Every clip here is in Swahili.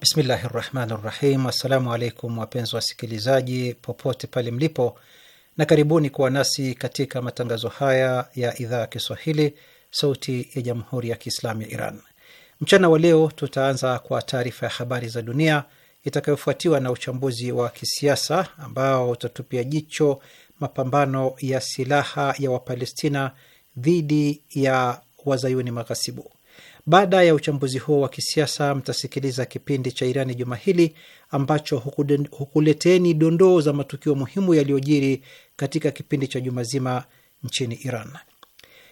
Bismillahi rahmani rahim. Assalamu alaikum wapenzi wasikilizaji popote pale mlipo, na karibuni kuwa nasi katika matangazo haya ya idhaa ya Kiswahili, Sauti ya Jamhuri ya Kiislamu ya Iran. Mchana wa leo tutaanza kwa taarifa ya habari za dunia itakayofuatiwa na uchambuzi wa kisiasa ambao utatupia jicho mapambano ya silaha ya Wapalestina dhidi ya wazayuni maghasibu. Baada ya uchambuzi huo wa kisiasa, mtasikiliza kipindi cha Irani juma hili ambacho hukuleteni dondoo za matukio muhimu yaliyojiri katika kipindi cha juma zima nchini Iran.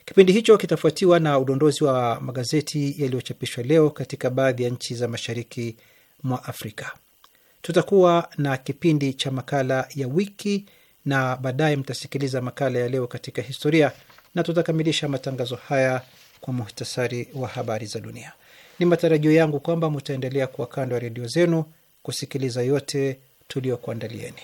Kipindi hicho kitafuatiwa na udondozi wa magazeti yaliyochapishwa leo katika baadhi ya nchi za mashariki mwa Afrika. Tutakuwa na kipindi cha makala ya wiki na baadaye mtasikiliza makala ya leo katika historia, na tutakamilisha matangazo haya kwa muhtasari wa habari za dunia. Ni matarajio yangu kwamba mutaendelea kuwa kando ya redio zenu kusikiliza yote tuliyokuandalieni.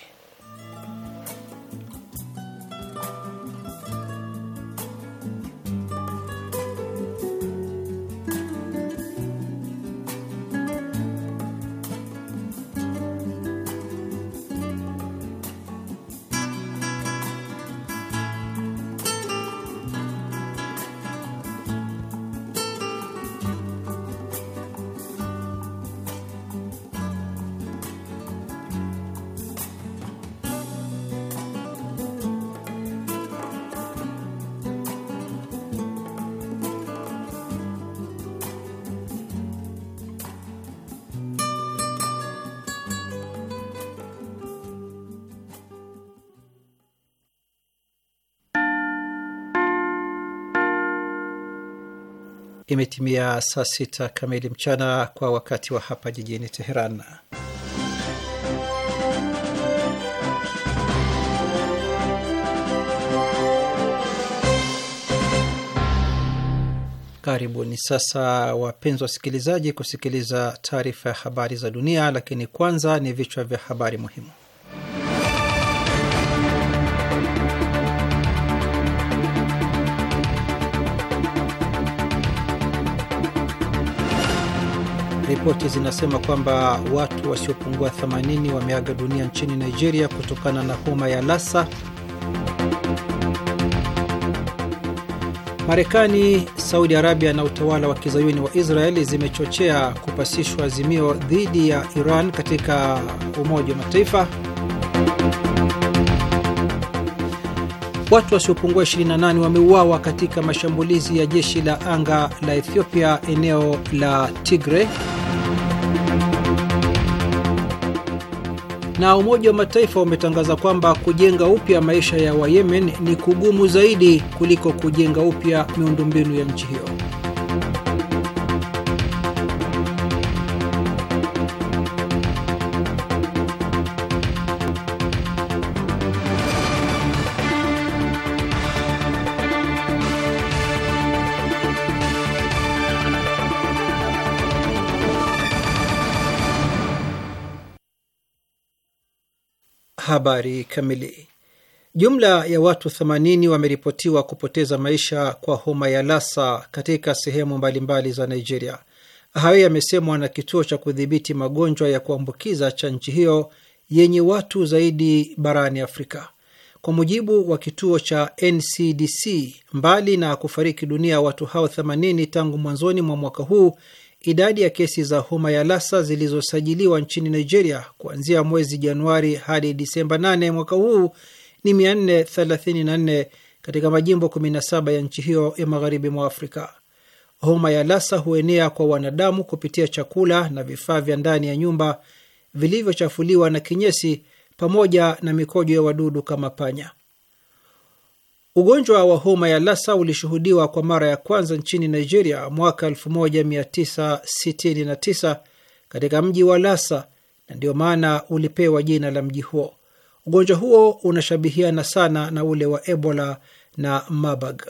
imetimia saa sita kamili mchana kwa wakati wa hapa jijini Teheran. Karibuni sasa, wapenzi wasikilizaji, kusikiliza taarifa ya habari za dunia, lakini kwanza ni vichwa vya habari muhimu. Ripoti zinasema kwamba watu wasiopungua 80 wameaga dunia nchini Nigeria kutokana na homa ya Lassa. Marekani, Saudi Arabia na utawala wa kizayuni wa Israeli zimechochea kupasishwa azimio dhidi ya Iran katika Umoja wa Mataifa. Watu wasiopungua 28 wameuawa katika mashambulizi ya jeshi la anga la Ethiopia eneo la Tigre. na Umoja wa Mataifa umetangaza kwamba kujenga upya maisha ya Wayemen ni kugumu zaidi kuliko kujenga upya miundombinu ya nchi hiyo. habari kamili. Jumla ya watu 80 wameripotiwa kupoteza maisha kwa homa ya Lassa katika sehemu mbalimbali za Nigeria. Hayo yamesemwa na kituo cha kudhibiti magonjwa ya kuambukiza cha nchi hiyo yenye watu zaidi barani Afrika. Kwa mujibu wa kituo cha NCDC, mbali na kufariki dunia watu hao 80 tangu mwanzoni mwa mwaka huu, idadi ya kesi za homa ya Lassa zilizosajiliwa nchini Nigeria kuanzia mwezi Januari hadi Disemba 8 mwaka huu ni 434 katika majimbo 17 ya nchi hiyo ya magharibi mwa Afrika. Homa ya Lassa huenea kwa wanadamu kupitia chakula na vifaa vya ndani ya nyumba vilivyochafuliwa na kinyesi pamoja na mikojo ya wadudu kama panya. Ugonjwa wa homa ya Lassa ulishuhudiwa kwa mara ya kwanza nchini Nigeria mwaka 1969 katika mji wa Lassa, na ndiyo maana ulipewa jina la mji huo. Ugonjwa huo unashabihiana sana na ule wa Ebola na Marburg.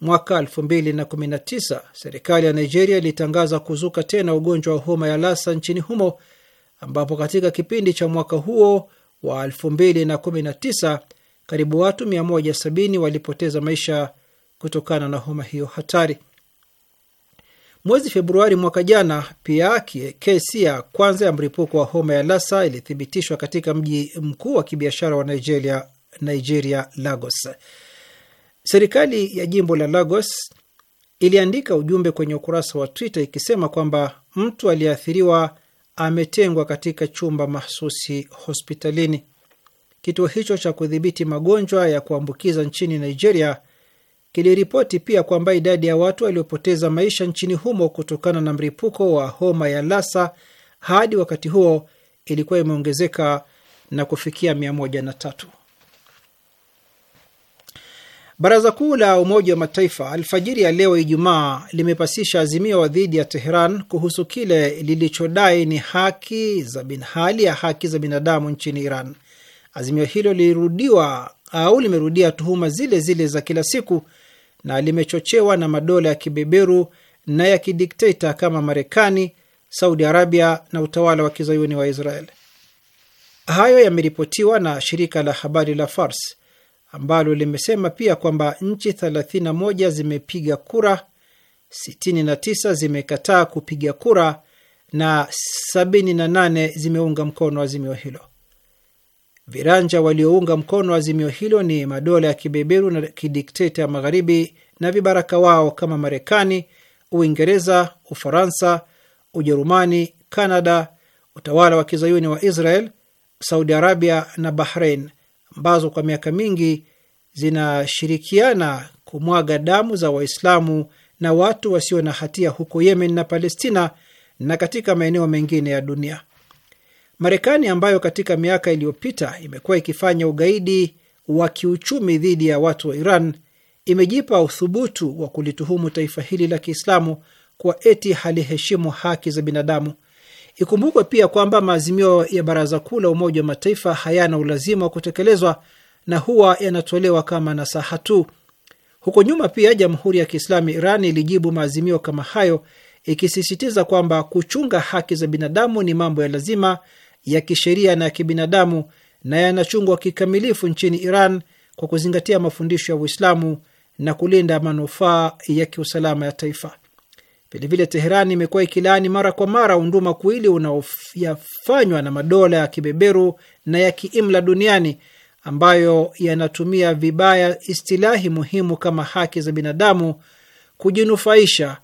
Mwaka 2019 serikali ya Nigeria ilitangaza kuzuka tena ugonjwa wa homa ya Lassa nchini humo, ambapo katika kipindi cha mwaka huo wa 2019 karibu watu 170 walipoteza maisha kutokana na homa hiyo hatari. Mwezi Februari mwaka jana pia kesi ya kwanza ya mlipuko wa homa ya Lassa ilithibitishwa katika mji mkuu wa kibiashara wa Nigeria, Nigeria, Lagos. Serikali ya jimbo la Lagos iliandika ujumbe kwenye ukurasa wa Twitter ikisema kwamba mtu aliyeathiriwa ametengwa katika chumba mahsusi hospitalini. Kituo hicho cha kudhibiti magonjwa ya kuambukiza nchini Nigeria kiliripoti pia kwamba idadi ya watu waliopoteza maisha nchini humo kutokana na mlipuko wa homa ya Lassa hadi wakati huo ilikuwa imeongezeka na kufikia 103. Baraza Kuu la Umoja wa Mataifa alfajiri ya leo Ijumaa limepasisha azimio dhidi ya Teheran kuhusu kile lilichodai ni haki za bin hali ya haki za binadamu nchini Iran. Azimio hilo lilirudiwa au limerudia tuhuma zile zile za kila siku na limechochewa na madola ya kibeberu na ya kidikteta kama Marekani, Saudi Arabia na utawala wa kizayuni wa Israel. Hayo yameripotiwa na shirika la habari la Fars ambalo limesema pia kwamba nchi 31 zimepiga kura, 69 zimekataa kupiga kura na 78 zimeunga mkono azimio hilo. Viranja waliounga mkono azimio hilo ni madola ya kibeberu na kidikteta ya Magharibi na vibaraka wao kama Marekani, Uingereza, Ufaransa, Ujerumani, Kanada, utawala wa kizayuni wa Israel, Saudi Arabia na Bahrain, ambazo kwa miaka mingi zinashirikiana kumwaga damu za Waislamu na watu wasio na hatia huko Yemen na Palestina na katika maeneo mengine ya dunia. Marekani ambayo katika miaka iliyopita imekuwa ikifanya ugaidi wa kiuchumi dhidi ya watu wa Iran imejipa uthubutu wa kulituhumu taifa hili la Kiislamu kwa eti haliheshimu haki za binadamu. Ikumbukwe pia kwamba maazimio ya Baraza Kuu la Umoja wa Mataifa hayana ulazima wa kutekelezwa na huwa yanatolewa kama nasaha tu. Huko nyuma pia Jamhuri ya Kiislamu Iran ilijibu maazimio kama hayo ikisisitiza kwamba kuchunga haki za binadamu ni mambo ya lazima ya kisheria na ya kibinadamu na yanachungwa kikamilifu nchini Iran kwa kuzingatia mafundisho ya Uislamu na kulinda manufaa ya kiusalama ya taifa. Vilevile, Teheran imekuwa ikilaani mara kwa mara unduma kuili unaoyafanywa na madola ya kibeberu na ya kiimla duniani ambayo yanatumia vibaya istilahi muhimu kama haki za binadamu kujinufaisha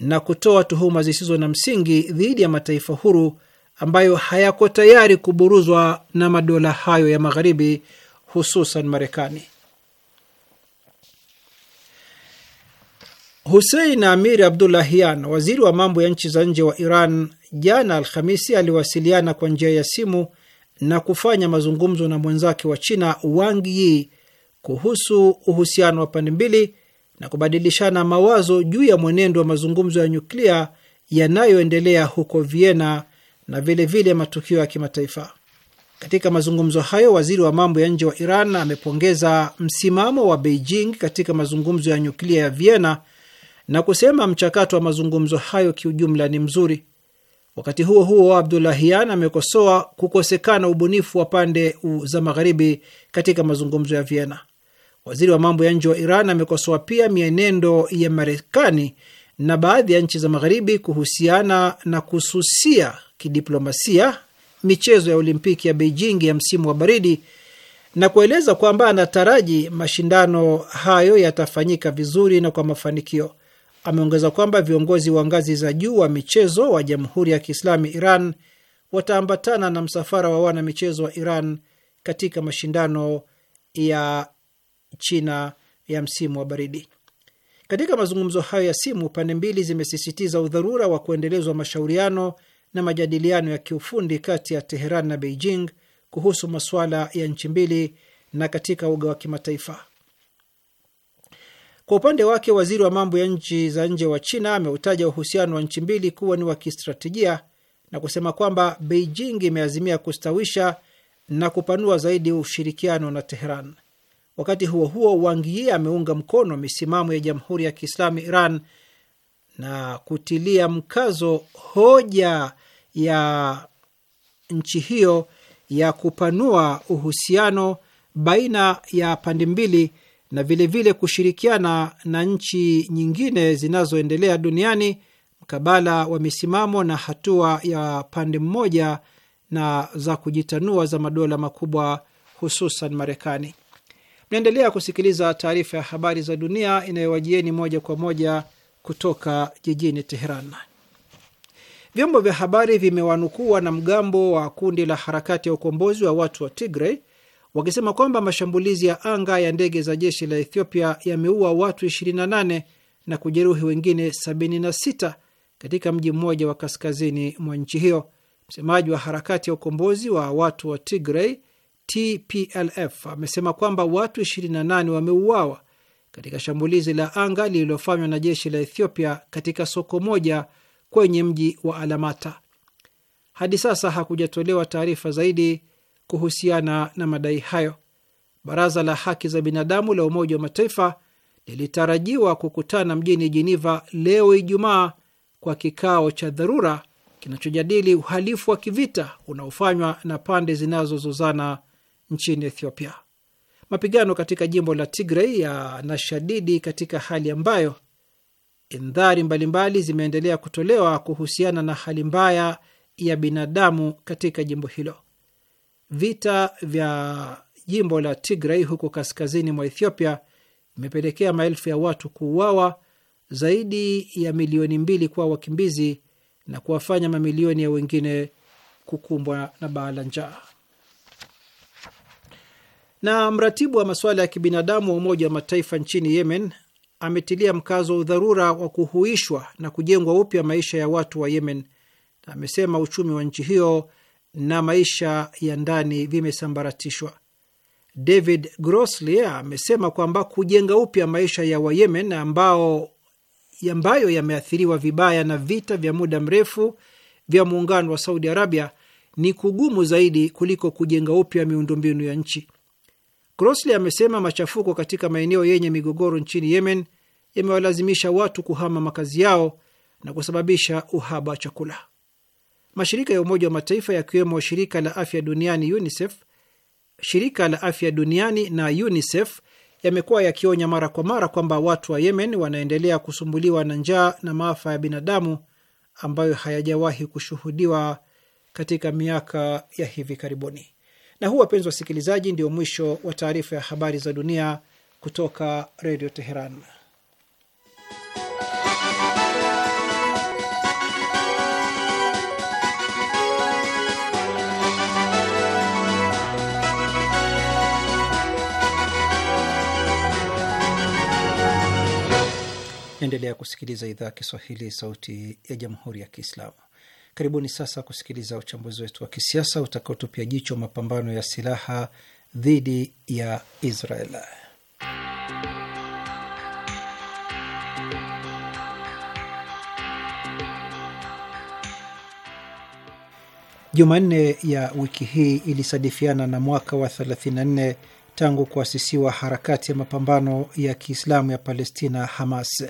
na kutoa tuhuma zisizo na msingi dhidi ya mataifa huru ambayo hayako tayari kuburuzwa na madola hayo ya Magharibi, hususan Marekani. Husein Amir Abdullahian, waziri wa mambo ya nchi za nje wa Iran, jana Alhamisi aliwasiliana kwa njia ya simu na kufanya mazungumzo na mwenzake wa China Wang Yi kuhusu uhusiano wa pande mbili na kubadilishana mawazo juu ya mwenendo wa mazungumzo ya nyuklia yanayoendelea huko Vienna na vilevile vile matukio ya kimataifa. Katika mazungumzo hayo, waziri wa mambo ya nje wa Iran amepongeza msimamo wa Beijing katika mazungumzo ya nyuklia ya Vienna na kusema mchakato wa mazungumzo hayo kiujumla ni mzuri. Wakati huo huo, Abdulahian amekosoa kukosekana ubunifu wa pande za magharibi katika mazungumzo ya Vienna. Waziri wa mambo ya nje wa Iran amekosoa pia mienendo ya Marekani na baadhi ya nchi za magharibi kuhusiana na kususia kidiplomasia michezo ya Olimpiki ya Beijing ya msimu wa baridi na kueleza kwamba anataraji mashindano hayo yatafanyika vizuri na kwa mafanikio. Ameongeza kwamba viongozi wa ngazi za juu wa michezo wa Jamhuri ya Kiislami Iran wataambatana na msafara wa wana michezo wa Iran katika mashindano ya China ya msimu wa baridi. Katika mazungumzo hayo ya simu, pande mbili zimesisitiza udharura wa kuendelezwa mashauriano na majadiliano ya kiufundi kati ya Teheran na Beijing kuhusu masuala ya nchi mbili na katika uga wa kimataifa. Kwa upande wake, waziri wa mambo ya nchi za nje wa China ameutaja uhusiano wa nchi mbili kuwa ni wa kistratejia na kusema kwamba Beijing imeazimia kustawisha na kupanua zaidi ushirikiano na Teheran. Wakati huo huo, Wang Yi ameunga mkono misimamo ya Jamhuri ya Kiislamu Iran na kutilia mkazo hoja ya nchi hiyo ya kupanua uhusiano baina ya pande mbili na vilevile vile kushirikiana na nchi nyingine zinazoendelea duniani mkabala wa misimamo na hatua ya pande mmoja na za kujitanua za madola makubwa hususan Marekani. Mnaendelea kusikiliza taarifa ya habari za dunia inayowajieni moja kwa moja kutoka jijini Teheran. Vyombo vya habari vimewanukuu wanamgambo wa kundi la harakati ya ukombozi wa watu wa Tigray wakisema kwamba mashambulizi ya anga ya ndege za jeshi la Ethiopia yameua watu 28 na kujeruhi wengine 76 katika mji mmoja wa kaskazini mwa nchi hiyo. Msemaji wa harakati ya ukombozi wa watu wa Tigray TPLF amesema kwamba watu 28 wameuawa katika shambulizi la anga lililofanywa na jeshi la Ethiopia katika soko moja kwenye mji wa Alamata. Hadi sasa hakujatolewa taarifa zaidi kuhusiana na madai hayo. Baraza la haki za binadamu la Umoja wa Mataifa lilitarajiwa kukutana mjini Jiniva leo Ijumaa kwa kikao cha dharura kinachojadili uhalifu wa kivita unaofanywa na pande zinazozozana nchini Ethiopia. Mapigano katika jimbo la Tigray yanashadidi katika hali ambayo indhari mbalimbali zimeendelea kutolewa kuhusiana na hali mbaya ya binadamu katika jimbo hilo. Vita vya jimbo la Tigray huko kaskazini mwa Ethiopia imepelekea maelfu ya watu kuuawa, zaidi ya milioni mbili kuwa wakimbizi na kuwafanya mamilioni ya wengine kukumbwa na baa la njaa. Na mratibu wa masuala ya kibinadamu wa Umoja wa Mataifa nchini Yemen ametilia mkazo wa udharura wa kuhuishwa na kujengwa upya maisha ya watu wa Yemen na amesema uchumi wa nchi hiyo na maisha ya ndani vimesambaratishwa. David Grossley amesema kwamba kujenga upya maisha ya Wayemen ambao ambayo yameathiriwa vibaya na vita vya muda mrefu vya muungano wa Saudi Arabia ni kugumu zaidi kuliko kujenga upya miundombinu ya nchi. Grossley amesema machafuko katika maeneo yenye migogoro nchini Yemen yamewalazimisha watu kuhama makazi yao na kusababisha uhaba wa chakula. Mashirika ya Umoja wa Mataifa yakiwemo Shirika la Afya Duniani UNICEF, Shirika la Afya Duniani na UNICEF yamekuwa yakionya mara kwa mara kwamba watu wa Yemen wanaendelea kusumbuliwa na njaa na maafa ya binadamu ambayo hayajawahi kushuhudiwa katika miaka ya hivi karibuni. Na huu, wapenzi wasikilizaji, ndio mwisho wa taarifa ya habari za dunia kutoka Redio Teheran. Endelea kusikiliza idhaa ya Kiswahili, sauti ya jamhuri ya Kiislamu. Karibuni sasa kusikiliza uchambuzi wetu wa kisiasa utakaotupia jicho mapambano ya silaha dhidi ya Israel. Jumanne ya wiki hii ilisadifiana na mwaka wa 34 tangu kuasisiwa harakati ya mapambano ya Kiislamu ya Palestina, Hamas.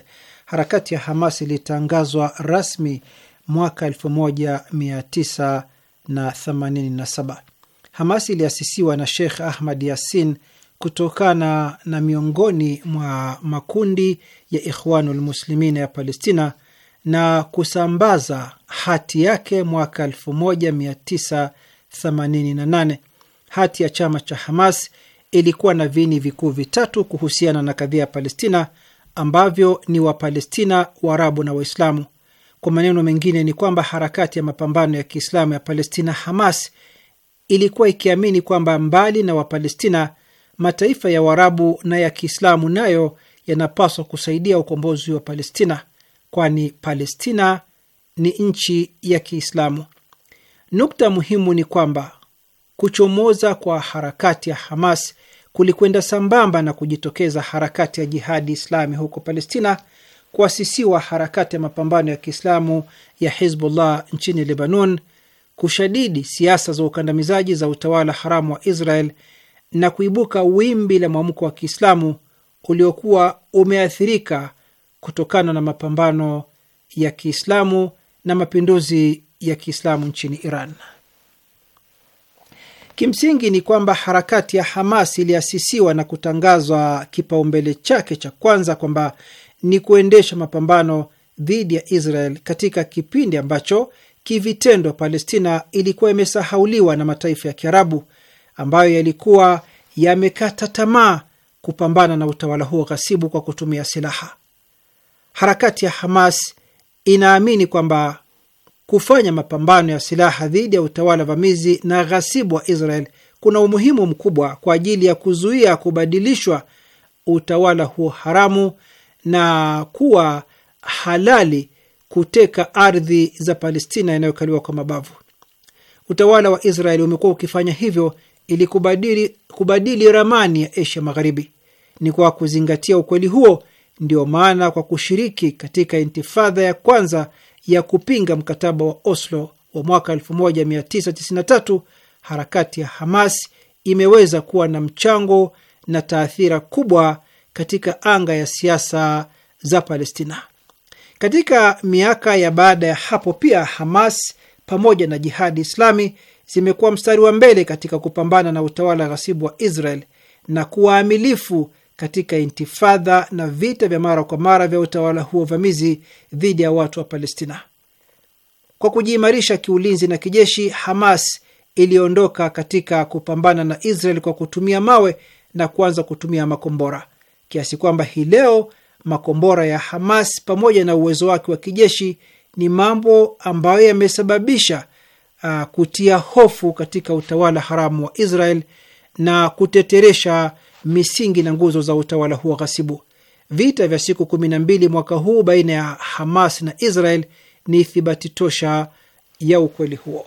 Harakati ya Hamas ilitangazwa rasmi mwaka 1987. Hamas iliasisiwa na Sheikh Ahmad Yasin kutokana na miongoni mwa makundi ya Ikhwanul Muslimina ya Palestina na kusambaza hati yake mwaka 1988. Hati ya chama cha Hamas ilikuwa na viini vikuu vitatu kuhusiana na kadhia ya Palestina ambavyo ni Wapalestina, Waarabu na Waislamu. Kwa maneno mengine, ni kwamba harakati ya mapambano ya Kiislamu ya Palestina, Hamas, ilikuwa ikiamini kwamba mbali na Wapalestina, mataifa ya Uarabu na ya Kiislamu nayo yanapaswa kusaidia ukombozi wa Palestina, kwani Palestina ni nchi ya Kiislamu. Nukta muhimu ni kwamba kuchomoza kwa harakati ya Hamas kulikwenda sambamba na kujitokeza harakati ya Jihadi Islami huko Palestina kuasisiwa harakati ya mapambano ya Kiislamu ya Hizbullah nchini Lebanon, kushadidi siasa za ukandamizaji za utawala haramu wa Israel na kuibuka wimbi la mwamko wa Kiislamu uliokuwa umeathirika kutokana na mapambano ya Kiislamu na mapinduzi ya Kiislamu nchini Iran. Kimsingi ni kwamba harakati ya Hamas iliasisiwa na kutangazwa kipaumbele chake cha kwanza kwamba ni kuendesha mapambano dhidi ya Israel katika kipindi ambacho kivitendo Palestina ilikuwa imesahauliwa na mataifa ya Kiarabu ambayo yalikuwa yamekata tamaa kupambana na utawala huo ghasibu kwa kutumia silaha. Harakati ya Hamas inaamini kwamba kufanya mapambano ya silaha dhidi ya utawala vamizi na ghasibu wa Israel kuna umuhimu mkubwa kwa ajili ya kuzuia kubadilishwa utawala huo haramu na kuwa halali kuteka ardhi za Palestina inayokaliwa kwa mabavu. Utawala wa Israeli umekuwa ukifanya hivyo ili kubadili, kubadili ramani ya Asia Magharibi. Ni kwa kuzingatia ukweli huo ndio maana kwa kushiriki katika intifadha ya kwanza ya kupinga mkataba wa Oslo wa mwaka 1993 harakati ya Hamas imeweza kuwa na mchango na taathira kubwa katika anga ya siasa za Palestina. Katika miaka ya baada ya hapo pia, Hamas pamoja na Jihadi Islami zimekuwa mstari wa mbele katika kupambana na utawala ghasibu wa Israel na kuwa amilifu katika intifadha na vita vya mara kwa mara vya utawala huo vamizi dhidi ya watu wa Palestina. Kwa kujiimarisha kiulinzi na kijeshi, Hamas iliondoka katika kupambana na Israel kwa kutumia mawe na kuanza kutumia makombora kiasi kwamba hii leo makombora ya Hamas pamoja na uwezo wake wa kijeshi ni mambo ambayo yamesababisha uh, kutia hofu katika utawala haramu wa Israel na kuteteresha misingi na nguzo za utawala huo ghasibu. Vita vya siku kumi na mbili mwaka huu baina ya Hamas na Israel ni ithibati tosha ya ukweli huo.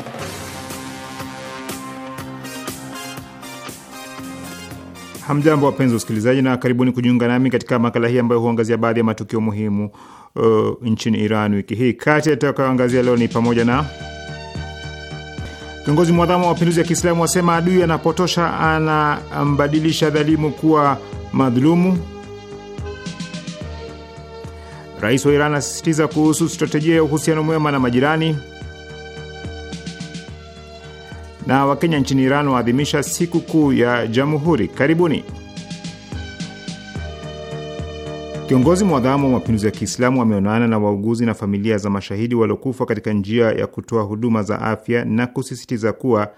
Hamjambo, wapenzi wasikilizaji, na karibuni kujiunga nami katika makala hii ambayo huangazia baadhi ya matukio muhimu uh, nchini Iran wiki hii. Kati ya tutakayoangazia leo ni pamoja na kiongozi mwadhamu wa mapinduzi ya Kiislamu wasema adui anapotosha, anambadilisha dhalimu kuwa madhulumu. Rais wa Iran asisitiza kuhusu stratejia ya uhusiano mwema na majirani na Wakenya nchini Iran waadhimisha siku kuu ya Jamhuri. Karibuni. Kiongozi mwadhamu wa mapinduzi ya Kiislamu ameonana na wauguzi na familia za mashahidi waliokufa katika njia ya kutoa huduma za afya na kusisitiza kuwa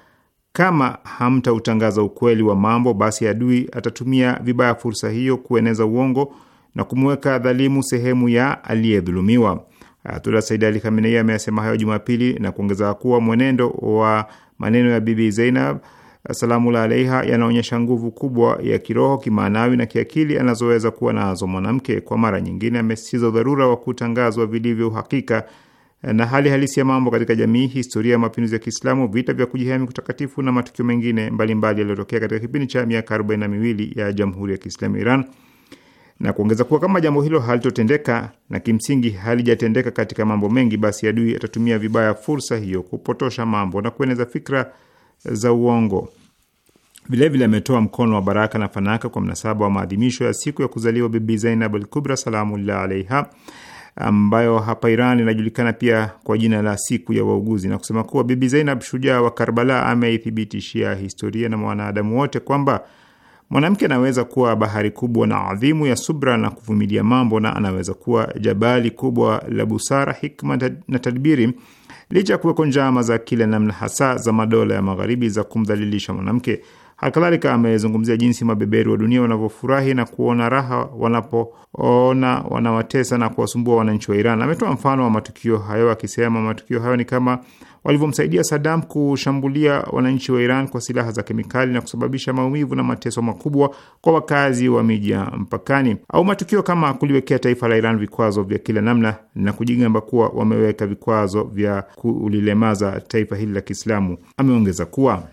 kama hamtautangaza ukweli wa mambo, basi adui atatumia vibaya fursa hiyo kueneza uongo na kumweka dhalimu sehemu ya aliyedhulumiwa. Ayatullah Said Ali Khamenei ameyasema hayo Jumapili na kuongeza kuwa mwenendo wa Maneno ya Bibi Zainab salamula alaiha yanaonyesha nguvu kubwa ya kiroho, kimaanawi na kiakili anazoweza kuwa nazo mwanamke. Kwa mara nyingine, amesisitiza udharura wa kutangazwa vilivyo uhakika na hali halisi ya mambo katika jamii, historia ya mapinduzi ya Kiislamu, vita vya kujihami kutakatifu na matukio mengine mbalimbali yaliyotokea katika kipindi cha miaka arobaini na miwili ya Jamhuri ya Kiislamu Iran na kuongeza kuwa kama jambo hilo halitotendeka na kimsingi halijatendeka katika mambo mengi, basi adui atatumia vibaya fursa hiyo kupotosha mambo na kueneza fikra za uongo. Vilevile ametoa mkono wa baraka na fanaka kwa mnasaba wa maadhimisho ya siku ya kuzaliwa Bibi Zainab Alkubra salamullah alaiha, ambayo hapa Iran inajulikana pia kwa jina la siku ya wauguzi, na kusema kuwa Bibi Zainab, shujaa wa Karbala, ameithibitishia historia na mwanadamu wote kwamba Mwanamke anaweza kuwa bahari kubwa na adhimu ya subra na kuvumilia mambo, na anaweza kuwa jabali kubwa la busara, hikma na tadbiri, licha ya kuweko njama za kila namna, hasa za madola ya Magharibi za kumdhalilisha mwanamke. Halikadhalika amezungumzia jinsi mabeberu wa dunia wanavyofurahi na kuona raha wanapoona wanawatesa na kuwasumbua wananchi wa Iran. Ametoa mfano wa matukio hayo akisema, matukio hayo ni kama walivyomsaidia Saddam kushambulia wananchi wa Iran kwa silaha za kemikali na kusababisha maumivu na mateso makubwa kwa wakazi wa miji ya mpakani, au matukio kama kuliwekea taifa la Iran vikwazo vya kila namna na kujigamba kuwa wameweka vikwazo vya kulilemaza taifa hili la Kiislamu. Ameongeza kuwa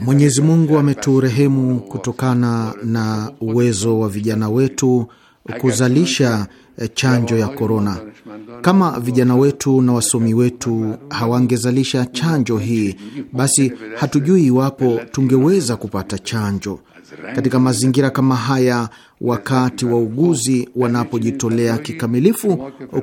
Mwenyezi Mungu ameturehemu kutokana na uwezo wa vijana wetu kuzalisha eh, chanjo ya korona. Kama vijana wetu na wasomi wetu hawangezalisha chanjo hii, basi hatujui iwapo tungeweza kupata chanjo. Katika mazingira kama haya, wakati wauguzi wanapojitolea kikamilifu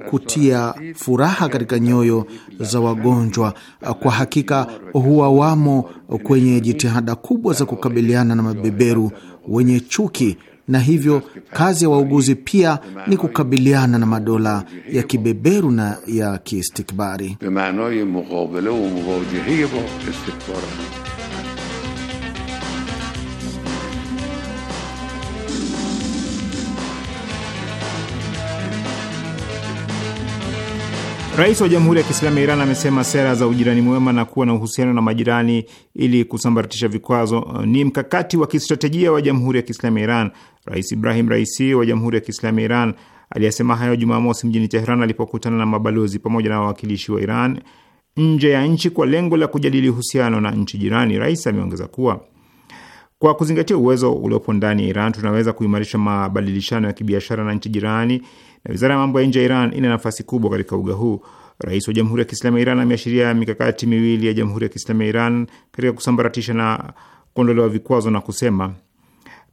kutia furaha katika nyoyo za wagonjwa, kwa hakika huwa wamo kwenye jitihada kubwa za kukabiliana na mabeberu wenye chuki na hivyo kazi ya wauguzi pia ni kukabiliana na madola ya kibeberu na ya kiistikbari. Rais wa Jamhuri ya Kiislamu ya Iran amesema sera za ujirani mwema na kuwa na uhusiano na majirani ili kusambaratisha vikwazo uh, ni mkakati wa kistratejia wa Jamhuri ya Kiislamu ya Iran. Rais Ibrahim Raisi wa Jamhuri ya Kiislamu ya Iran aliyesema hayo Jumamosi mjini teheran alipokutana na mabalozi pamoja na wawakilishi wa Iran nje ya nchi kwa lengo la kujadili uhusiano na nchi jirani. Rais ameongeza kuwa kwa kuzingatia uwezo uliopo ndani ya Iran, tunaweza kuimarisha mabadilishano ya kibiashara na nchi jirani, na wizara ya mambo ya nje ya Iran ina nafasi kubwa katika uga huu. Rais wa Jamhuri ya Kiislamu ya Iran ameashiria mikakati miwili ya Jamhuri ya Kiislamu ya Iran katika kusambaratisha na kuondolewa vikwazo na kusema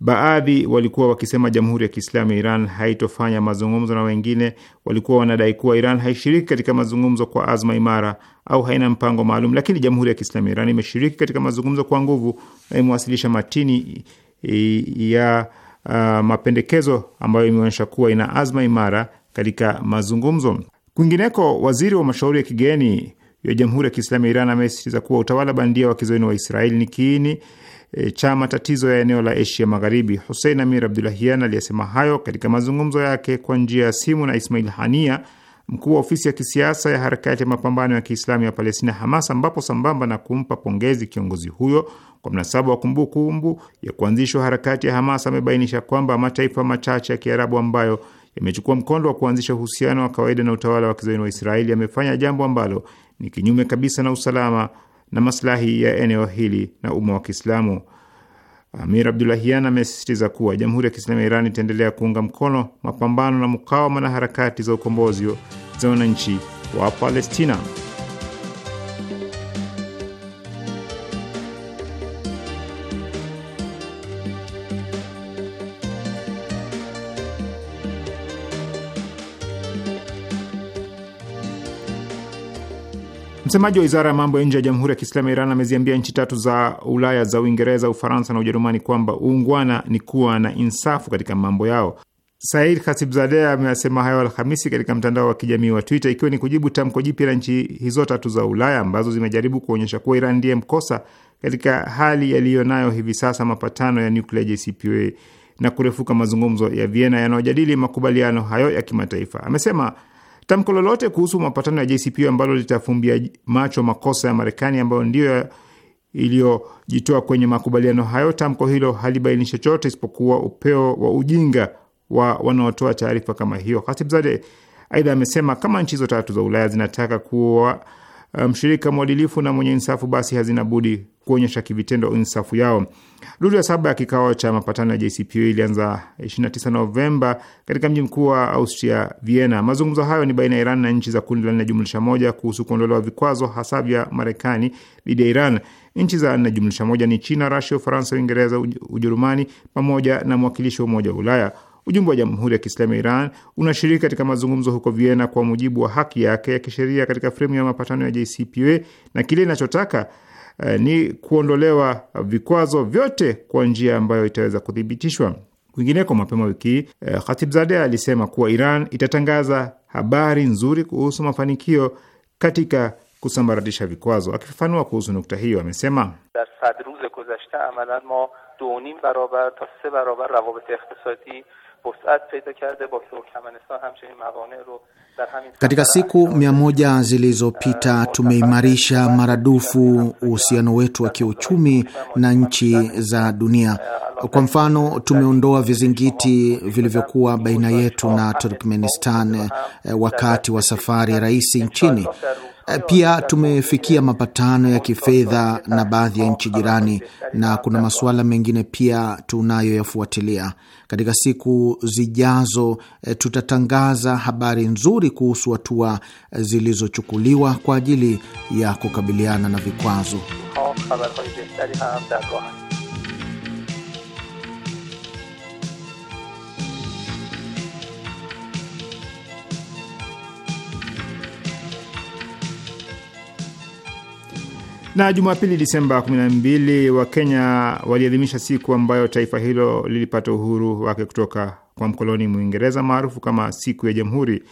Baadhi walikuwa wakisema Jamhuri ya Kiislamu ya Iran haitofanya mazungumzo na wengine walikuwa wanadai kuwa Iran haishiriki katika mazungumzo kwa azma imara au haina mpango maalum. Lakini Jamhuri ya Kiislamu ya Iran imeshiriki katika mazungumzo kwa nguvu na imewasilisha matini e, ya uh, mapendekezo ambayo imeonyesha kuwa ina azma imara katika mazungumzo. Kwingineko, waziri wa mashauri ya kigeni ya Jamhuri ya Kiislamu ya Iran amesisitiza kuwa utawala bandia wa kizayuni wa Israeli ni kiini E, cha matatizo ya eneo la Asia Magharibi. Hussein Amir Abdulahian aliyesema hayo katika mazungumzo yake kwa njia ya simu na Ismail Hania, mkuu wa ofisi ya kisiasa ya harakati ya mapambano ya Kiislamu ya Palestina, Hamas, ambapo sambamba na kumpa pongezi kiongozi huyo kwa mnasaba wa kumbukumbu ya kuanzishwa harakati ya Hamas, amebainisha kwamba mataifa machache ya Kiarabu ambayo yamechukua mkondo wa kuanzisha uhusiano wa kawaida na utawala wa kizayuni wa Israeli yamefanya jambo ambalo ni kinyume kabisa na usalama na maslahi ya eneo hili na umma wa Kiislamu. Amir Abdulahian amesisitiza kuwa Jamhuri ya Kiislamu ya Iran itaendelea kuunga mkono mapambano na mukawama na harakati za ukombozi za wananchi wa Palestina. Msemaji wa wizara ya mambo ya nje ya Jamhuri ya Kiislamu ya Iran ameziambia nchi tatu za Ulaya za Uingereza, Ufaransa na Ujerumani kwamba uungwana ni kuwa na insafu katika mambo yao. Said Khatibzadeh amesema hayo Alhamisi katika mtandao wa kijamii wa Twitter, ikiwa ni kujibu tamko jipya la nchi hizo tatu za Ulaya ambazo zimejaribu kuonyesha kuwa Iran ndiye mkosa katika hali yaliyonayo hivi sasa mapatano ya nuklia JCPOA na kurefuka mazungumzo ya Vienna yanayojadili makubaliano hayo ya kimataifa. Amesema Tamko lolote kuhusu mapatano ya jcp ambalo litafumbia macho makosa ya Marekani ambayo ndiyo iliyojitoa kwenye makubaliano hayo, tamko hilo halibaini chochote isipokuwa upeo wa ujinga wa wanaotoa taarifa kama hiyo. khatibzade aidha amesema kama nchi hizo tatu za Ulaya zinataka kuwa mshirika um, mwadilifu na mwenye insafu, basi hazina budi kuonyesha kivitendo insafu yao. Duru ya saba ya kikao cha mapatano ya JCPOA ilianza 29 Novemba katika mji mkuu wa Austria, Vienna. Mazungumzo hayo ni baina ya Iran na nchi za kundi la nne jumlisha moja kuhusu kuondolewa vikwazo hasa vya Marekani dhidi ya Iran. Nchi za nne jumlisha moja ni China, Rusia, Ufaransa, Uingereza, Ujerumani pamoja na mwakilishi wa Umoja wa Ulaya. Ujumbe wa Jamhuri ya Kiislamu ya Iran unashiriki katika mazungumzo huko Vienna kwa mujibu wa haki yake ya kisheria katika fremu ya mapatano ya JCPOA na kile inachotaka Eh, ni kuondolewa vikwazo vyote kwa njia ambayo itaweza kuthibitishwa. Kwingineko, mapema wiki hii eh, alisema kuwa Iran itatangaza habari nzuri kuhusu mafanikio katika kusambaratisha vikwazo. Akifafanua kuhusu nukta hiyo, amesema وسعت پیدا کرده با ترکمنستان همچنین موانع رو Katika siku mia moja zilizopita tumeimarisha maradufu uhusiano wetu wa kiuchumi na nchi za dunia. Kwa mfano, tumeondoa vizingiti vilivyokuwa baina yetu na Turkmenistan wakati wa safari ya rais nchini. Eh, pia tumefikia mapatano ya kifedha na baadhi ya nchi jirani, na kuna masuala mengine pia tunayoyafuatilia. Katika siku zijazo, eh, tutatangaza habari nzuri kuhusu hatua eh, zilizochukuliwa kwa ajili ya kukabiliana na vikwazo. Na Jumapili Disemba 12 Wakenya waliadhimisha siku ambayo taifa hilo lilipata uhuru wake kutoka kwa mkoloni Mwingereza, maarufu kama siku ya Jamhuri.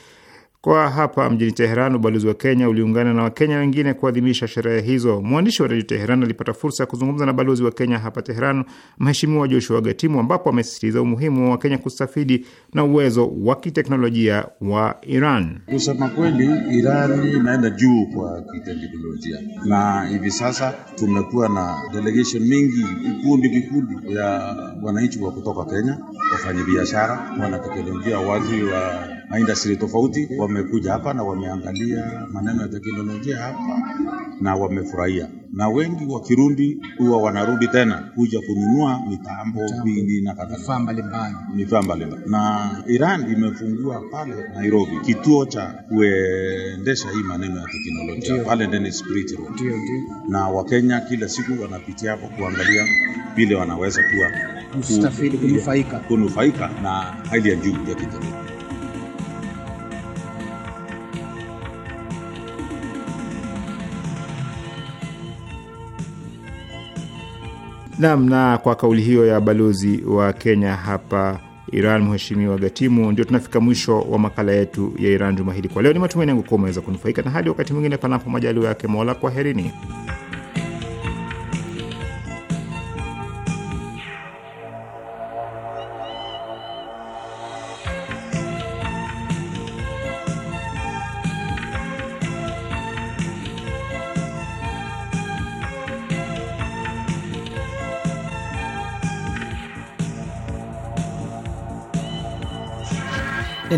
Kwa hapa mjini Teheran, ubalozi wa Kenya uliungana na Wakenya wengine kuadhimisha sherehe hizo. Mwandishi wa redio Teheran alipata fursa ya kuzungumza na balozi wa Kenya hapa Teheran, Mheshimiwa Joshua Gatimu, ambapo amesisitiza umuhimu wa wakenya kustafidi na uwezo wa kiteknolojia wa Iran. Kusema kweli, Iran inaenda juu kwa kiteknolojia, na hivi sasa tumekuwa na delegation mingi, vikundi vikundi ya wananchi wa kutoka Kenya, wafanyabiashara, wanateknolojia, watu wa industry tofauti wa wamekuja hapa na wameangalia maneno ya teknolojia hapa na wamefurahia, na wengi wa Kirundi huwa wanarudi tena kuja kununua mitambo mingi na kadhalika, vifaa mbalimbali. Na Iran imefungua pale Nairobi kituo cha kuendesha hii maneno ya teknolojia pale Dennis Spirit Road, na Wakenya kila siku wanapitia hapo kuangalia vile wanaweza kuwa kunufaika na hali ya juu ya kiteknolojia. Naam, na kwa kauli hiyo ya balozi wa Kenya hapa Iran, Mheshimiwa Gatimu, ndio tunafika mwisho wa makala yetu ya Iran juma hili. Kwa leo, ni matumaini yangu kuwa umeweza kunufaika, na hadi wakati mwingine, panapo majaliwa yake Mola, kwaherini.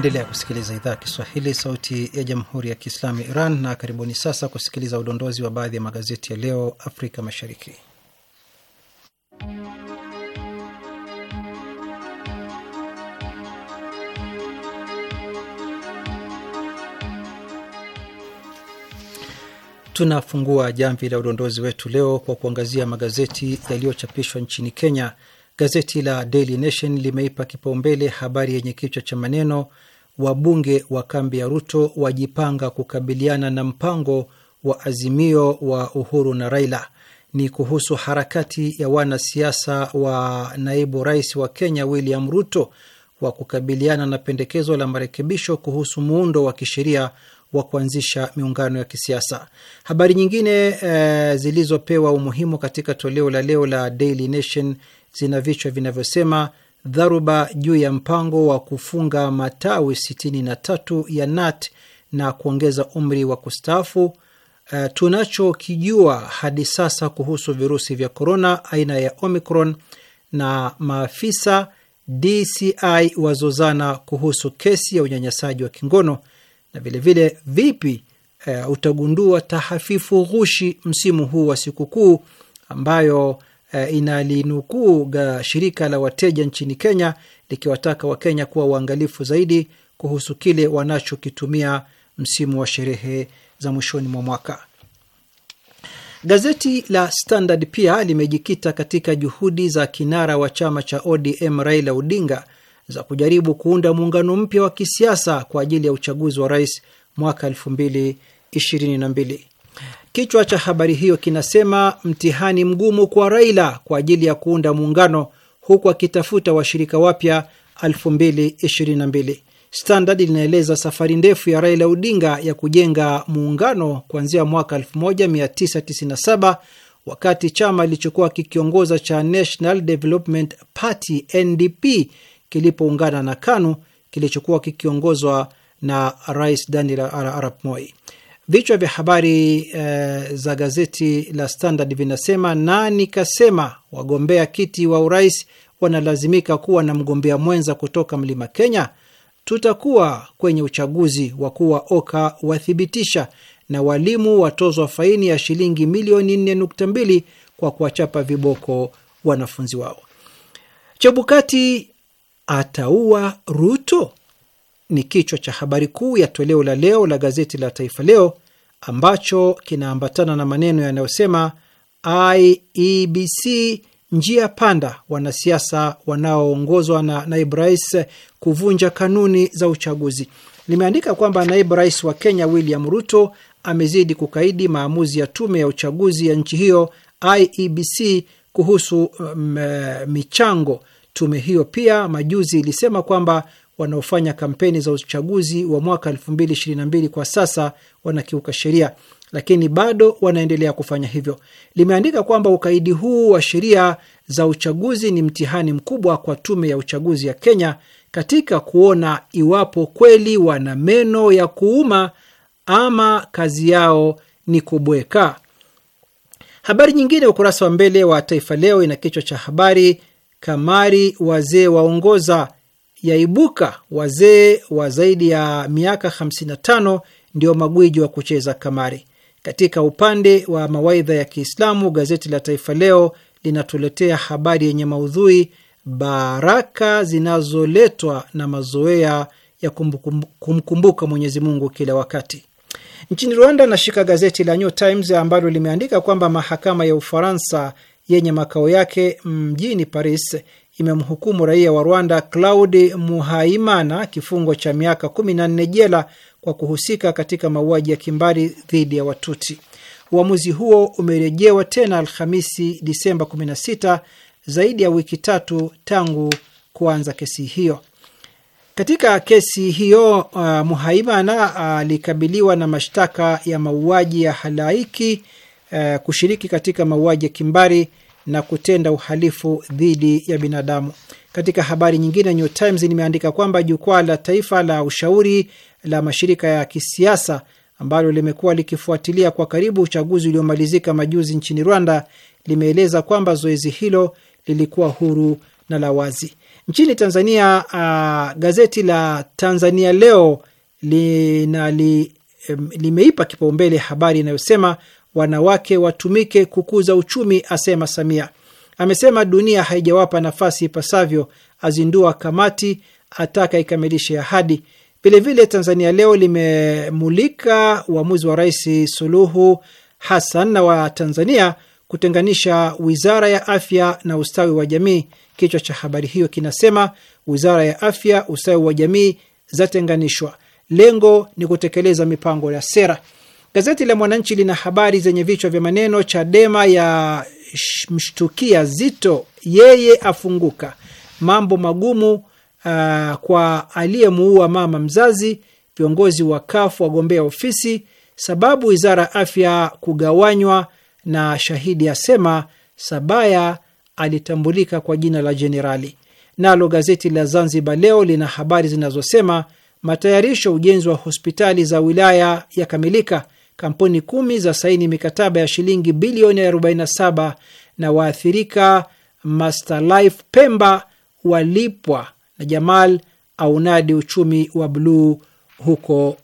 Naendelea kusikiliza idhaa ya Kiswahili, sauti ya jamhuri ya kiislamu ya Iran, na karibuni sasa kusikiliza udondozi wa baadhi ya magazeti ya leo Afrika Mashariki. Tunafungua jamvi la udondozi wetu leo kwa kuangazia magazeti yaliyochapishwa nchini Kenya. Gazeti la Daily Nation limeipa kipaumbele habari yenye kichwa cha maneno wabunge wa kambi ya Ruto wajipanga kukabiliana na mpango wa Azimio wa Uhuru na Raila ni kuhusu harakati ya wanasiasa wa naibu rais wa Kenya William Ruto wa kukabiliana na pendekezo la marekebisho kuhusu muundo wa kisheria wa kuanzisha miungano ya kisiasa. Habari nyingine e, zilizopewa umuhimu katika toleo la leo la Daily Nation zina vichwa vinavyosema dharuba juu ya mpango wa kufunga matawi 63 ya NAT na kuongeza umri wa kustaafu. Uh, tunachokijua hadi sasa kuhusu virusi vya korona aina ya Omicron na maafisa DCI wazozana kuhusu kesi ya unyanyasaji wa kingono na vilevile vipi, uh, utagundua tahafifu ghushi msimu huu wa sikukuu ambayo Eh, inalinukuu shirika la wateja nchini Kenya likiwataka Wakenya kuwa waangalifu zaidi kuhusu kile wanachokitumia msimu wa sherehe za mwishoni mwa mwaka. Gazeti la Standard pia limejikita katika juhudi za kinara wa chama cha ODM Raila Odinga za kujaribu kuunda muungano mpya wa kisiasa kwa ajili ya uchaguzi wa rais mwaka 2022. Kichwa cha habari hiyo kinasema mtihani mgumu kwa Raila kwa ajili ya kuunda muungano huku akitafuta washirika wapya 2022. Standard linaeleza safari ndefu ya Raila Odinga ya kujenga muungano kuanzia mwaka 1997 wakati chama ilichokuwa kikiongoza cha National Development Party NDP kilipoungana na KANU kilichokuwa kikiongozwa na Rais Daniel Arap Moi. Vichwa vya habari e, za gazeti la Standard vinasema na nikasema wagombea kiti wa urais wanalazimika kuwa na mgombea mwenza kutoka mlima Kenya. Tutakuwa kwenye uchaguzi wa kuwa oka wathibitisha, na walimu watozwa faini ya shilingi milioni 4.2 kwa kuwachapa viboko wanafunzi wao. Chebukati ataua Ruto ni kichwa cha habari kuu ya toleo la leo la gazeti la Taifa Leo ambacho kinaambatana na maneno yanayosema IEBC njia panda, wanasiasa wanaoongozwa na naibu rais kuvunja kanuni za uchaguzi. Limeandika kwamba naibu rais wa Kenya William Ruto amezidi kukaidi maamuzi ya tume ya uchaguzi ya nchi hiyo IEBC kuhusu um, michango. Tume hiyo pia majuzi ilisema kwamba wanaofanya kampeni za uchaguzi wa mwaka 2022 kwa sasa wanakiuka sheria, lakini bado wanaendelea kufanya hivyo. Limeandika kwamba ukaidi huu wa sheria za uchaguzi ni mtihani mkubwa kwa tume ya uchaguzi ya Kenya katika kuona iwapo kweli wana meno ya kuuma ama kazi yao ni kubweka. Habari nyingine ya ukurasa wa mbele wa Taifa Leo ina kichwa cha habari, kamari wazee waongoza yaibuka wazee wa zaidi ya miaka 55 ndio magwiji wa kucheza kamari. Katika upande wa mawaidha ya Kiislamu, gazeti la Taifa Leo linatuletea habari yenye maudhui baraka zinazoletwa na mazoea ya kumkumbuka Mwenyezi Mungu kila wakati. Nchini Rwanda, nashika gazeti la New Times ambalo limeandika kwamba mahakama ya Ufaransa yenye makao yake mjini Paris imemhukumu raia wa Rwanda Claude Muhaimana kifungo cha miaka 14 jela kwa kuhusika katika mauaji ya kimbari dhidi ya Watuti. Uamuzi huo umerejewa tena Alhamisi Disemba 16, zaidi ya wiki tatu tangu kuanza kesi hiyo. Katika kesi hiyo uh, Muhaimana alikabiliwa uh, na mashtaka ya mauaji ya halaiki, uh, kushiriki katika mauaji ya kimbari na kutenda uhalifu dhidi ya binadamu. Katika habari nyingine, New Times limeandika kwamba jukwaa la taifa la ushauri la mashirika ya kisiasa ambalo limekuwa likifuatilia kwa karibu uchaguzi uliomalizika majuzi nchini Rwanda limeeleza kwamba zoezi hilo lilikuwa huru na la wazi. Nchini Tanzania, uh, gazeti la Tanzania Leo um, limeipa kipaumbele habari inayosema wanawake watumike kukuza uchumi, asema Samia. Amesema dunia haijawapa nafasi ipasavyo, azindua kamati, ataka ikamilishe ahadi. Vilevile, Tanzania Leo limemulika uamuzi wa Rais Suluhu Hassan na wa Tanzania kutenganisha wizara ya afya na ustawi wa jamii. Kichwa cha habari hiyo kinasema wizara ya afya, ustawi wa jamii zatenganishwa, lengo ni kutekeleza mipango ya sera. Gazeti la Mwananchi lina habari zenye vichwa vya maneno: Chadema ya mshtukia Zito, yeye afunguka, mambo magumu uh, kwa aliyemuua mama mzazi, viongozi wa kafu wagombea ofisi, sababu wizara ya afya kugawanywa, na shahidi asema Sabaya alitambulika kwa jina la jenerali. Nalo gazeti la Zanzibar Leo lina habari zinazosema matayarisho ujenzi wa hospitali za wilaya yakamilika, kampuni kumi za saini mikataba ya shilingi bilioni 47 na waathirika Masterlife Pemba walipwa na Jamal aunadi uchumi wa bluu huko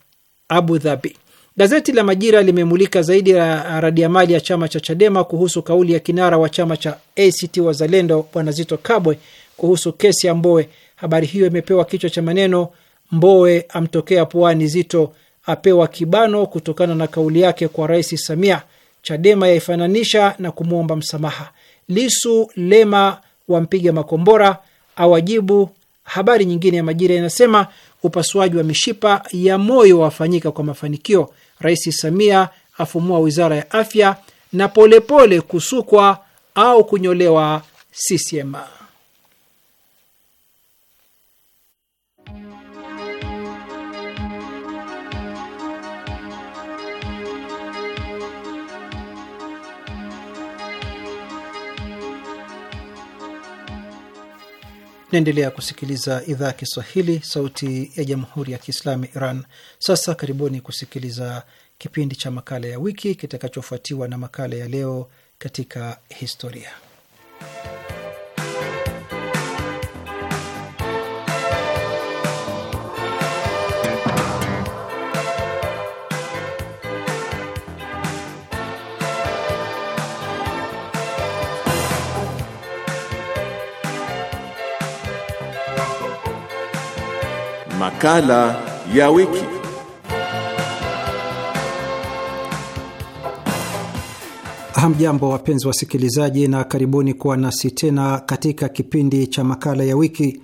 Abu Dhabi. Gazeti la Majira limemulika zaidi ya radiamali ya chama cha Chadema kuhusu kauli ya kinara wa chama cha ACT Wazalendo Bwana Zito Kabwe kuhusu kesi ya Mbowe. Habari hiyo imepewa kichwa cha maneno Mbowe amtokea puani Zito apewa kibano kutokana na kauli yake kwa Rais Samia. Chadema yaifananisha na kumwomba msamaha. Lisu Lema wampiga makombora awajibu. Habari nyingine ya Majira inasema upasuaji wa mishipa ya moyo wafanyika kwa mafanikio. Rais Samia afumua wizara ya afya na polepole pole kusukwa au kunyolewa CCM. Naendelea kusikiliza idhaa ya Kiswahili, sauti ya jamhuri ya kiislamu Iran. Sasa karibuni kusikiliza kipindi cha makala ya wiki kitakachofuatiwa na makala ya leo katika historia. Makala ya wiki. Hamjambo, wapenzi wasikilizaji, na karibuni kuwa nasi tena katika kipindi cha makala ya wiki.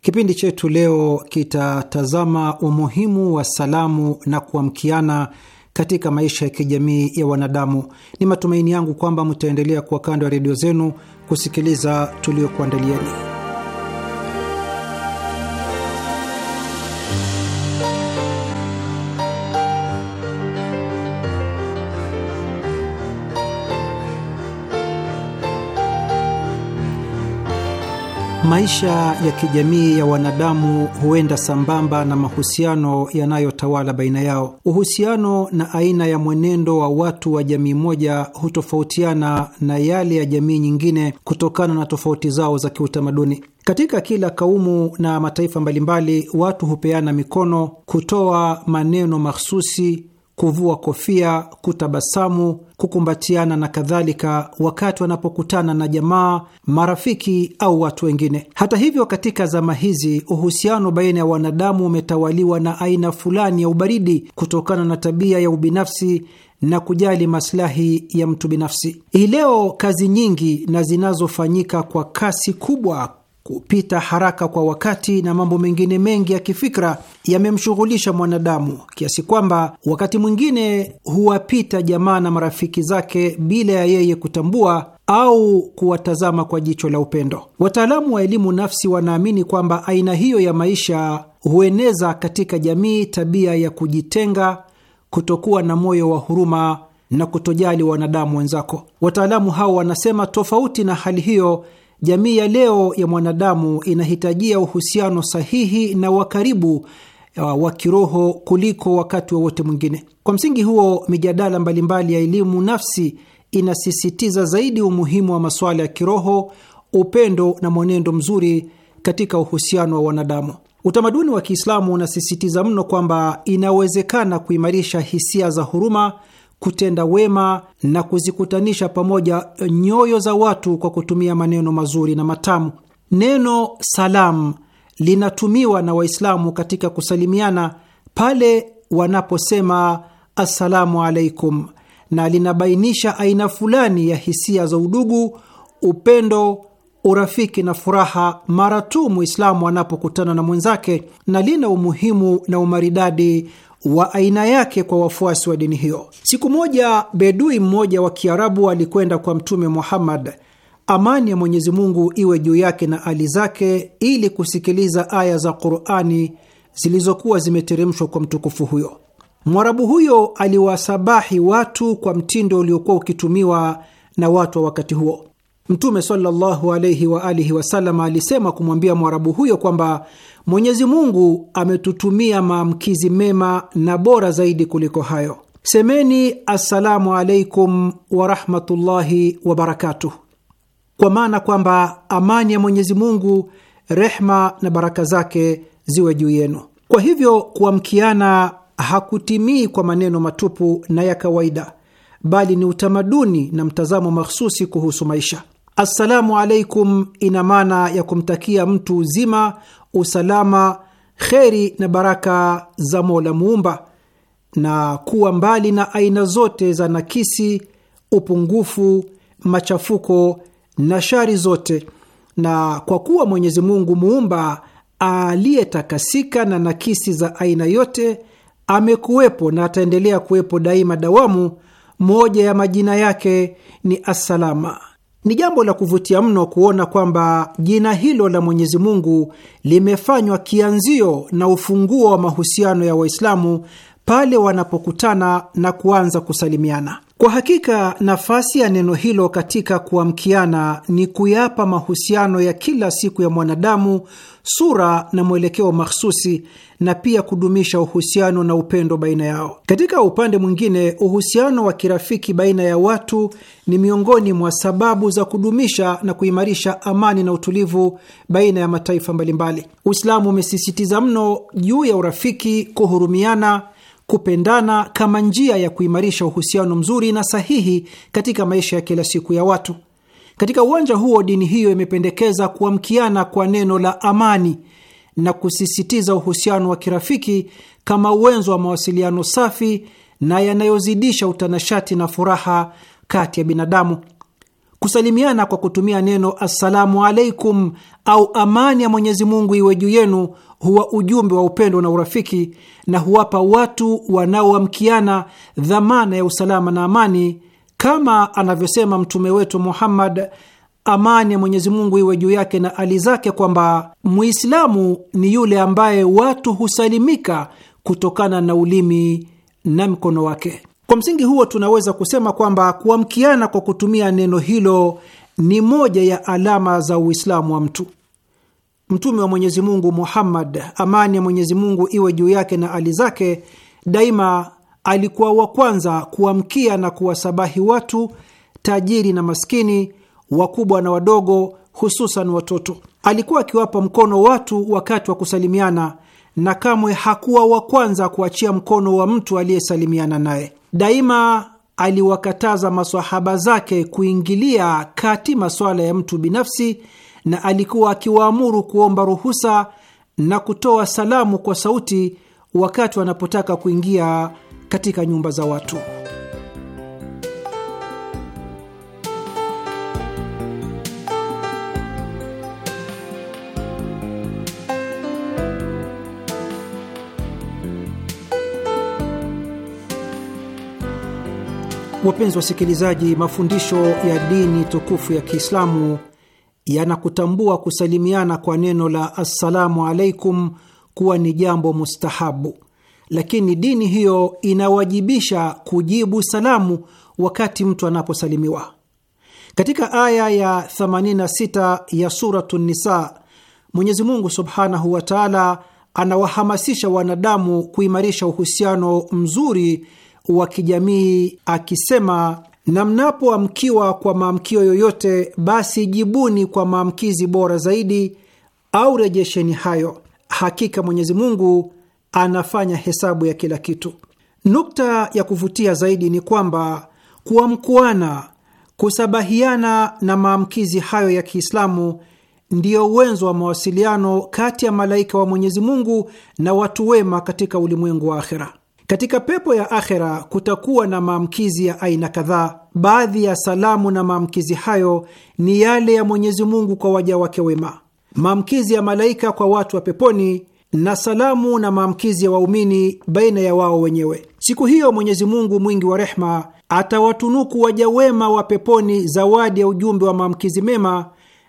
Kipindi chetu leo kitatazama umuhimu wa salamu na kuamkiana katika maisha ya kijamii ya wanadamu. Ni matumaini yangu kwamba mtaendelea kuwa kando ya redio zenu kusikiliza tuliokuandalieni. Maisha ya kijamii ya wanadamu huenda sambamba na mahusiano yanayotawala baina yao. Uhusiano na aina ya mwenendo wa watu wa jamii moja hutofautiana na yale ya jamii nyingine kutokana na tofauti zao za kiutamaduni. Katika kila kaumu na mataifa mbalimbali, watu hupeana mikono, kutoa maneno mahsusi kuvua kofia, kutabasamu, kukumbatiana na kadhalika, wakati wanapokutana na jamaa, marafiki au watu wengine. Hata hivyo, katika zama hizi uhusiano baina ya wanadamu umetawaliwa na aina fulani ya ubaridi kutokana na tabia ya ubinafsi na kujali maslahi ya mtu binafsi. Hii leo kazi nyingi na zinazofanyika kwa kasi kubwa kupita haraka kwa wakati na mambo mengine mengi ya kifikra yamemshughulisha mwanadamu kiasi kwamba wakati mwingine huwapita jamaa na marafiki zake bila ya yeye kutambua au kuwatazama kwa jicho la upendo. Wataalamu wa elimu nafsi wanaamini kwamba aina hiyo ya maisha hueneza katika jamii tabia ya kujitenga, kutokuwa na moyo wa huruma na kutojali wanadamu wenzako. Wataalamu hao wanasema tofauti na hali hiyo Jamii ya leo ya mwanadamu inahitajia uhusiano sahihi na wa karibu uh, wa kiroho kuliko wakati wowote wa mwingine. Kwa msingi huo, mijadala mbalimbali ya elimu nafsi inasisitiza zaidi umuhimu wa masuala ya kiroho, upendo na mwenendo mzuri katika uhusiano wa wanadamu. Utamaduni wa Kiislamu unasisitiza mno kwamba inawezekana kuimarisha hisia za huruma kutenda wema na kuzikutanisha pamoja nyoyo za watu kwa kutumia maneno mazuri na matamu. Neno salam linatumiwa na Waislamu katika kusalimiana pale wanaposema assalamu alaikum, na linabainisha aina fulani ya hisia za udugu, upendo, urafiki na furaha mara tu Muislamu anapokutana na mwenzake, na lina umuhimu na umaridadi wa aina yake kwa wafuasi wa dini hiyo. Siku moja bedui mmoja wa Kiarabu alikwenda kwa Mtume Muhammad, amani ya Mwenyezi Mungu iwe juu yake na ali zake, ili kusikiliza aya za Qurani zilizokuwa zimeteremshwa kwa mtukufu huyo. Mwarabu huyo aliwasabahi watu kwa mtindo uliokuwa ukitumiwa na watu wa wakati huo. Mtume sallallahu wa alihi wasallam alisema kumwambia mwarabu huyo kwamba Mwenyezi Mungu ametutumia maamkizi mema na bora zaidi kuliko hayo. Semeni assalamu alaikum warahmatullahi wabarakatuh, kwa maana kwamba amani ya Mwenyezi Mungu, rehma na baraka zake ziwe juu yenu. Kwa hivyo kuamkiana hakutimii kwa maneno matupu na ya kawaida, bali ni utamaduni na mtazamo mahsusi kuhusu maisha. Assalamu alaikum ina maana ya kumtakia mtu uzima, usalama, kheri na baraka za Mola Muumba, na kuwa mbali na aina zote za nakisi, upungufu, machafuko na shari zote. Na kwa kuwa Mwenyezi Mungu Muumba aliyetakasika na nakisi za aina yote amekuwepo na ataendelea kuwepo daima dawamu, moja ya majina yake ni Assalama. Ni jambo la kuvutia mno kuona kwamba jina hilo la Mwenyezi Mungu limefanywa kianzio na ufunguo wa mahusiano ya Waislamu pale wanapokutana na kuanza kusalimiana. Kwa hakika nafasi ya neno hilo katika kuamkiana ni kuyapa mahusiano ya kila siku ya mwanadamu sura na mwelekeo mahsusi na pia kudumisha uhusiano na upendo baina yao. Katika upande mwingine, uhusiano wa kirafiki baina ya watu ni miongoni mwa sababu za kudumisha na kuimarisha amani na utulivu baina ya mataifa mbalimbali. Uislamu umesisitiza mno juu ya urafiki, kuhurumiana kupendana kama njia ya kuimarisha uhusiano mzuri na sahihi katika maisha ya kila siku ya watu. Katika uwanja huo, dini hiyo imependekeza kuamkiana kwa neno la amani na kusisitiza uhusiano wa kirafiki kama uwenzo wa mawasiliano safi na yanayozidisha utanashati na furaha kati ya binadamu. Kusalimiana kwa kutumia neno assalamu alaikum au amani ya Mwenyezi Mungu iwe juu yenu huwa ujumbe wa upendo na urafiki na huwapa watu wanaoamkiana dhamana ya usalama na amani, kama anavyosema mtume wetu Muhammad, amani ya Mwenyezi Mungu iwe juu yake na ali zake, kwamba Muislamu ni yule ambaye watu husalimika kutokana na ulimi na mkono wake. Kwa msingi huo, tunaweza kusema kwamba kuamkiana kwa kutumia neno hilo ni moja ya alama za Uislamu wa mtu. Mtume wa Mwenyezi Mungu Muhammad, amani ya Mwenyezi Mungu iwe juu yake na ali zake, daima alikuwa wa kwanza kuamkia na kuwasabahi watu, tajiri na maskini, wakubwa na wadogo, hususan watoto. Alikuwa akiwapa mkono watu wakati wa kusalimiana na kamwe hakuwa wa kwanza kuachia mkono wa mtu aliyesalimiana naye. Daima aliwakataza masahaba zake kuingilia kati masuala ya mtu binafsi na alikuwa akiwaamuru kuomba ruhusa na kutoa salamu kwa sauti wakati wanapotaka kuingia katika nyumba za watu. Wapenzi wasikilizaji, mafundisho ya dini tukufu ya Kiislamu yanakutambua kusalimiana kwa neno la assalamu alaikum kuwa ni jambo mustahabu, lakini dini hiyo inawajibisha kujibu salamu wakati mtu anaposalimiwa. Katika aya ya 86 ya Suratu Nisa, Mwenyezi Mungu subhanahu wa taala anawahamasisha wanadamu kuimarisha uhusiano mzuri wa kijamii akisema na mnapoamkiwa kwa maamkio yoyote, basi jibuni kwa maamkizi bora zaidi au rejesheni hayo. Hakika Mwenyezi Mungu anafanya hesabu ya kila kitu. Nukta ya kuvutia zaidi ni kwamba kuamkuana, kusabahiana na maamkizi hayo ya Kiislamu ndiyo uwenzo wa mawasiliano kati ya malaika wa Mwenyezi Mungu na watu wema katika ulimwengu wa akhera. Katika pepo ya akhera kutakuwa na maamkizi ya aina kadhaa. Baadhi ya salamu na maamkizi hayo ni yale ya Mwenyezi Mungu kwa waja wake wema, maamkizi ya malaika kwa watu wa peponi na salamu na maamkizi ya waumini baina ya wao wenyewe. Siku hiyo Mwenyezi Mungu mwingi wa rehma atawatunuku waja wema wa peponi zawadi ya ujumbe wa maamkizi mema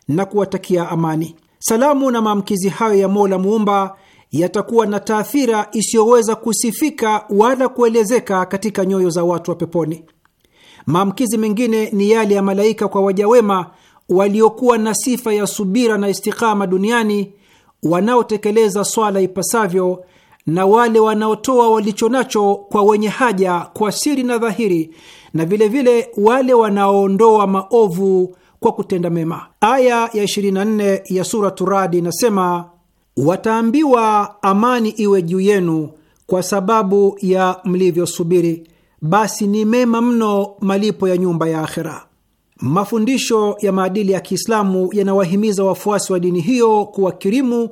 na kuwatakia amani. Salamu na maamkizi hayo ya Mola muumba yatakuwa na taathira isiyoweza kusifika wala kuelezeka katika nyoyo za watu wa peponi. Maamkizi mengine ni yale ya malaika kwa wajawema waliokuwa na sifa ya subira na istikama duniani, wanaotekeleza swala ipasavyo na wale wanaotoa walicho nacho kwa wenye haja kwa siri na dhahiri, na vilevile vile wale wanaoondoa maovu kwa kutenda mema. Aya ya 24 ya Suratu Radi inasema Wataambiwa, amani iwe juu yenu kwa sababu ya mlivyosubiri, basi ni mema mno malipo ya nyumba ya akhera. Mafundisho ya maadili ya Kiislamu yanawahimiza wafuasi wa dini hiyo kuwakirimu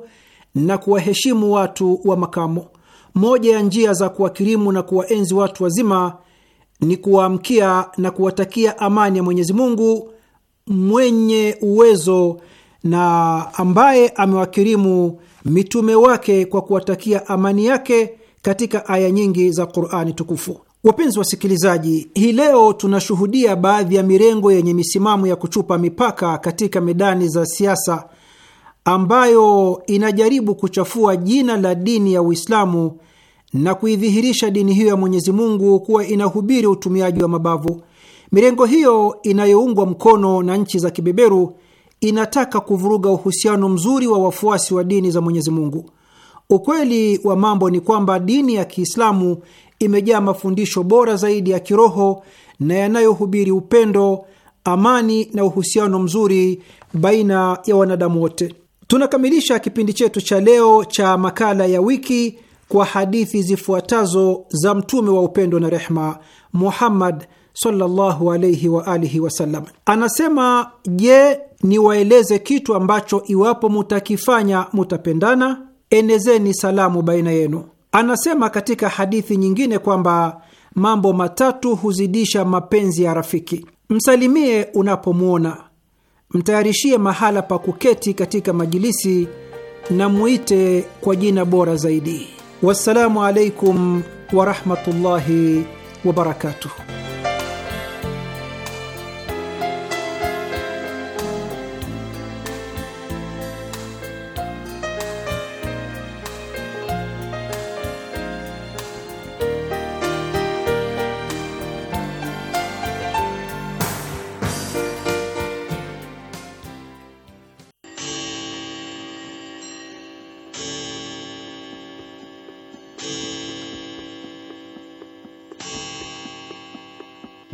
na kuwaheshimu watu wa makamo. Moja ya njia za kuwakirimu na kuwaenzi watu wazima ni kuwaamkia na kuwatakia amani ya Mwenyezi Mungu mwenye uwezo na ambaye amewakirimu mitume wake kwa kuwatakia amani yake katika aya nyingi za Qurani tukufu. Wapenzi wasikilizaji, hii leo tunashuhudia baadhi ya mirengo yenye misimamo ya kuchupa mipaka katika medani za siasa ambayo inajaribu kuchafua jina la dini ya Uislamu na kuidhihirisha dini hiyo ya Mwenyezi Mungu kuwa inahubiri utumiaji wa mabavu. Mirengo hiyo inayoungwa mkono na nchi za kibeberu inataka kuvuruga uhusiano mzuri wa wafuasi wa dini za Mwenyezi Mungu. Ukweli wa mambo ni kwamba dini ya Kiislamu imejaa mafundisho bora zaidi ya kiroho na yanayohubiri upendo, amani na uhusiano mzuri baina ya wanadamu wote. Tunakamilisha kipindi chetu cha leo cha makala ya wiki kwa hadithi zifuatazo za mtume wa upendo na rehma Muhammad sallallahu alayhi wa alihi wasallam. Anasema, je, niwaeleze kitu ambacho iwapo mutakifanya mutapendana? Enezeni salamu baina yenu. Anasema katika hadithi nyingine kwamba mambo matatu huzidisha mapenzi ya rafiki: msalimie unapomwona, mtayarishie mahala pa kuketi katika majilisi, na muite kwa jina bora zaidi. Wassalamu alaikum warahmatullahi wabarakatuh.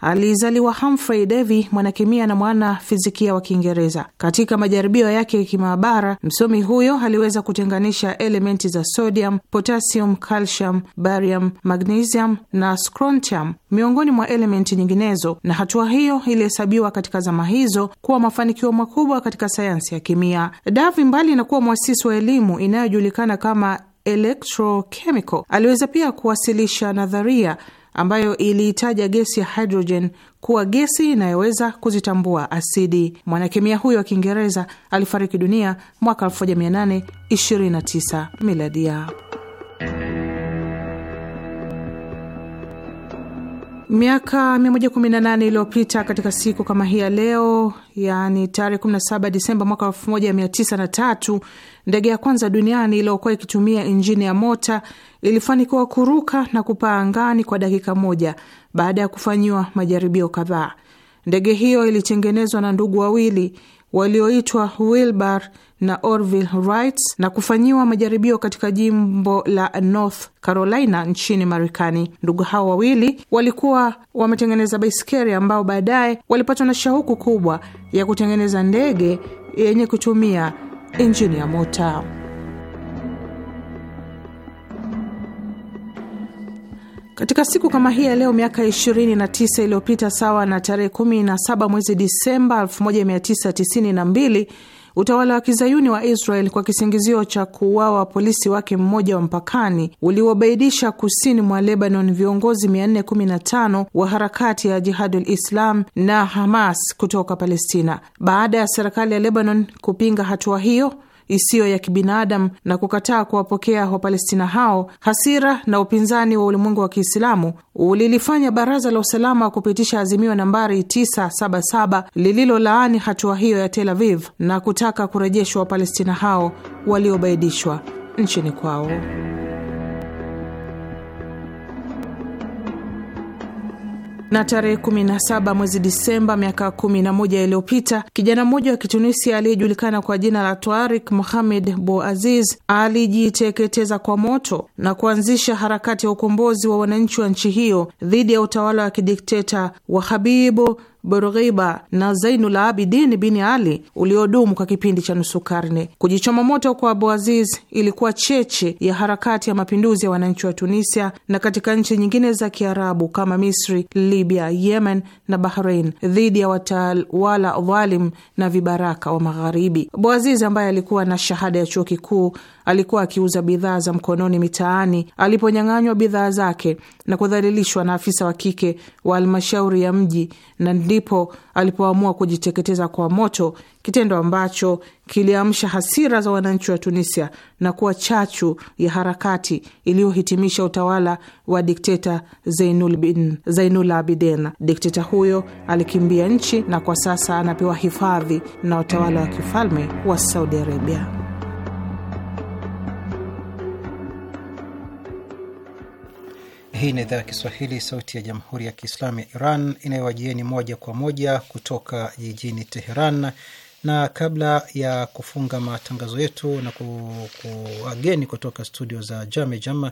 Alizaliwa Humphrey Davy, mwanakemia na mwana fizikia wa Kiingereza. Katika majaribio yake ya kimaabara, msomi huyo aliweza kutenganisha elementi za sodium, potassium, calcium, barium, magnesium na scrontium miongoni mwa elementi nyinginezo, na hatua hiyo ilihesabiwa katika zama hizo kuwa mafanikio makubwa katika sayansi ya kimia. Davy, mbali na kuwa mwasisi wa elimu inayojulikana kama electrochemical, aliweza pia kuwasilisha nadharia ambayo iliitaja gesi ya hydrogen kuwa gesi inayoweza kuzitambua asidi. Mwanakemia huyo wa Kiingereza alifariki dunia mwaka 1829 miladia. Miaka 118 iliyopita katika siku kama hii ya leo, yani tarehe 17 Disemba mwaka 1903, ndege ya kwanza duniani iliyokuwa ikitumia injini ya mota ilifanikiwa kuruka na kupaa angani kwa dakika moja baada ya kufanyiwa majaribio kadhaa. Ndege hiyo ilitengenezwa na ndugu wawili walioitwa Wilbur na Orville Wright na kufanyiwa majaribio katika jimbo la North Carolina nchini Marekani. Ndugu hao wawili walikuwa wametengeneza baiskeli ambao baadaye walipatwa na shauku kubwa ya kutengeneza ndege yenye kutumia injini ya mota. Katika siku kama hii ya leo miaka 29 iliyopita, sawa na tarehe 17 mwezi Disemba 1992, utawala wa kizayuni wa Israel kwa kisingizio cha kuuawa polisi wake mmoja wa mpakani uliobaidisha kusini mwa Lebanon viongozi 415 wa harakati ya Jihadul Islam na Hamas kutoka Palestina. Baada ya serikali ya Lebanon kupinga hatua hiyo isiyo ya kibinadamu na kukataa kuwapokea Wapalestina hao, hasira na upinzani wa ulimwengu wa Kiislamu ulilifanya Baraza la Usalama kupitisha azimio nambari 977 lililolaani hatua hiyo ya Tel Aviv na kutaka kurejeshwa Wapalestina hao waliobaidishwa nchini kwao. Na tarehe 17 mwezi Disemba miaka 11 iliyopita, kijana mmoja wa Kitunisia aliyejulikana kwa jina la Twarik Mohamed Bouaziz alijiteketeza kwa moto na kuanzisha harakati ya ukombozi wa wananchi wa nchi hiyo dhidi ya utawala wa kidikteta wa Habibu Borgheiba na Zainul Abidin bin Ali uliodumu kwa kipindi cha nusu karne. Kujichoma moto kwa Abuaziz ilikuwa cheche ya harakati ya mapinduzi ya wananchi wa Tunisia na katika nchi nyingine za Kiarabu kama Misri, Libya, Yemen na Bahrain dhidi ya watawala dhalim na vibaraka wa Magharibi. Abuaziz ambaye alikuwa na shahada ya chuo kikuu alikuwa akiuza bidhaa za mkononi mitaani aliponyang'anywa bidhaa zake na kudhalilishwa na afisa wa kike wa halmashauri ya mji na ndi ndipo alipoamua kujiteketeza kwa moto, kitendo ambacho kiliamsha hasira za wananchi wa Tunisia na kuwa chachu ya harakati iliyohitimisha utawala wa dikteta Zainul bin, Zainul Dikteta huyo alikimbia nchi na kwa sasa anapewa hifadhi na utawala wa kifalme wa Saudi Arabia. Hii ni idhaa ya Kiswahili, sauti ya jamhuri ya kiislamu ya Iran inayowajieni moja kwa moja kutoka jijini Teheran. Na kabla ya kufunga matangazo yetu na kuwageni kutoka studio za Jamejam, uh,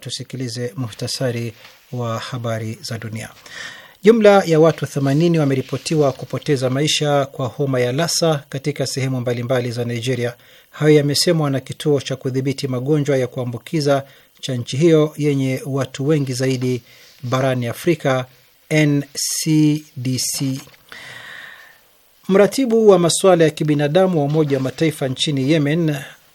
tusikilize muhtasari wa habari za dunia. Jumla ya watu 80 wameripotiwa kupoteza maisha kwa homa ya lasa katika sehemu mbalimbali za Nigeria. Hayo yamesemwa na kituo cha kudhibiti magonjwa ya kuambukiza cha nchi hiyo yenye watu wengi zaidi barani Afrika, NCDC. Mratibu wa masuala ya kibinadamu wa Umoja wa Mataifa nchini Yemen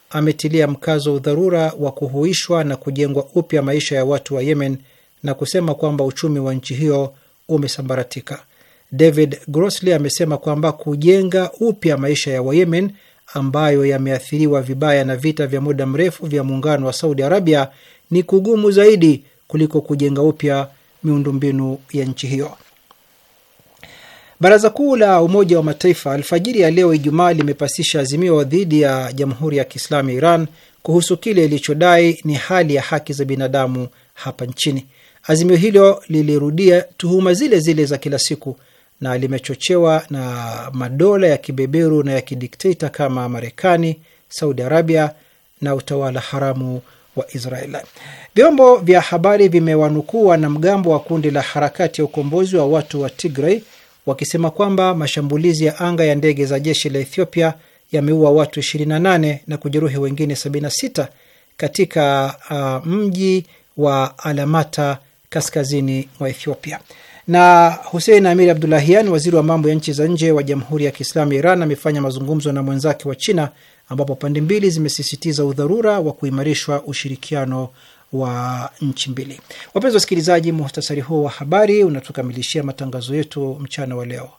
ametilia mkazo udharura wa kuhuishwa na kujengwa upya maisha ya watu wa Yemen na kusema kwamba uchumi wa nchi hiyo umesambaratika. David Grossley amesema kwamba kujenga upya maisha ya Wayemen ambayo yameathiriwa vibaya na vita vya muda mrefu vya muungano wa Saudi Arabia ni kugumu zaidi kuliko kujenga upya miundombinu ya nchi hiyo. Baraza Kuu la Umoja wa Mataifa alfajiri ya leo Ijumaa limepasisha azimio dhidi ya Jamhuri ya Kiislamu ya Iran kuhusu kile ilichodai ni hali ya haki za binadamu hapa nchini. Azimio hilo lilirudia tuhuma zile zile za kila siku na limechochewa na madola ya kibeberu na ya kidikteta kama Marekani, Saudi Arabia na utawala haramu wa israel Vyombo vya habari vimewanukuu wanamgambo wa kundi la harakati ya ukombozi wa watu wa Tigray wakisema kwamba mashambulizi ya anga ya ndege za jeshi la Ethiopia yameua watu 28 na kujeruhi wengine 76 katika uh, mji wa Alamata kaskazini mwa Ethiopia. Na Hussein Amir Abdulahian, waziri wa mambo ya nchi za nje wa Jamhuri ya Kiislamu ya Iran, amefanya mazungumzo na mwenzake wa China ambapo pande mbili zimesisitiza udharura wa kuimarishwa ushirikiano wa nchi mbili. Wapenzi wasikilizaji, muhtasari huo wa habari unatukamilishia matangazo yetu mchana wa leo.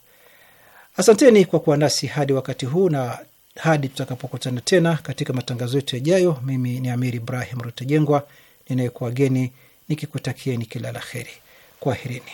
Asanteni kwa kuwa nasi hadi wakati huu na hadi tutakapokutana tena katika matangazo yetu yajayo. Mimi ni Amir Ibrahim Rutajengwa ninayekuwageni nikikutakieni kila la heri. Kwaherini.